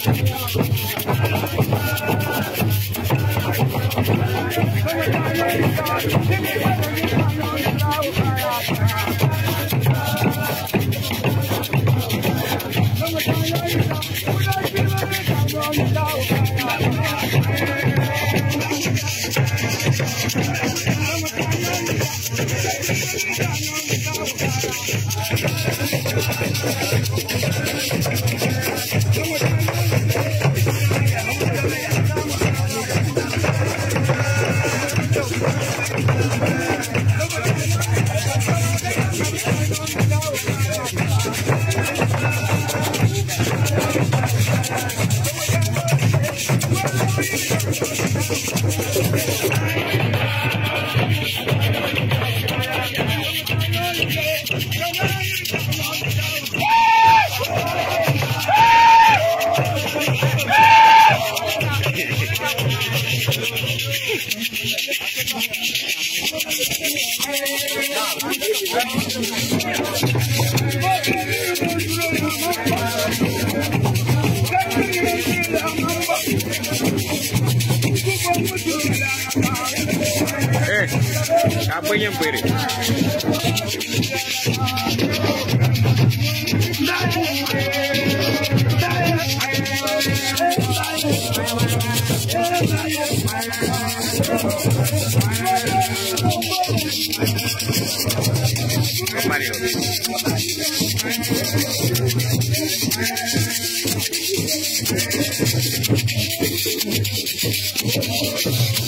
Thank you. apanha pere. Não, não, não. Mario. Thank you.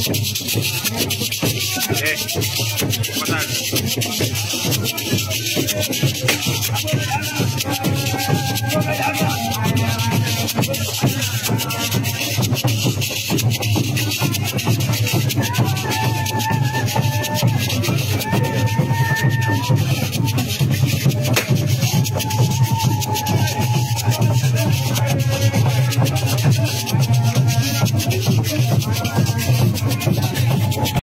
boa tarde.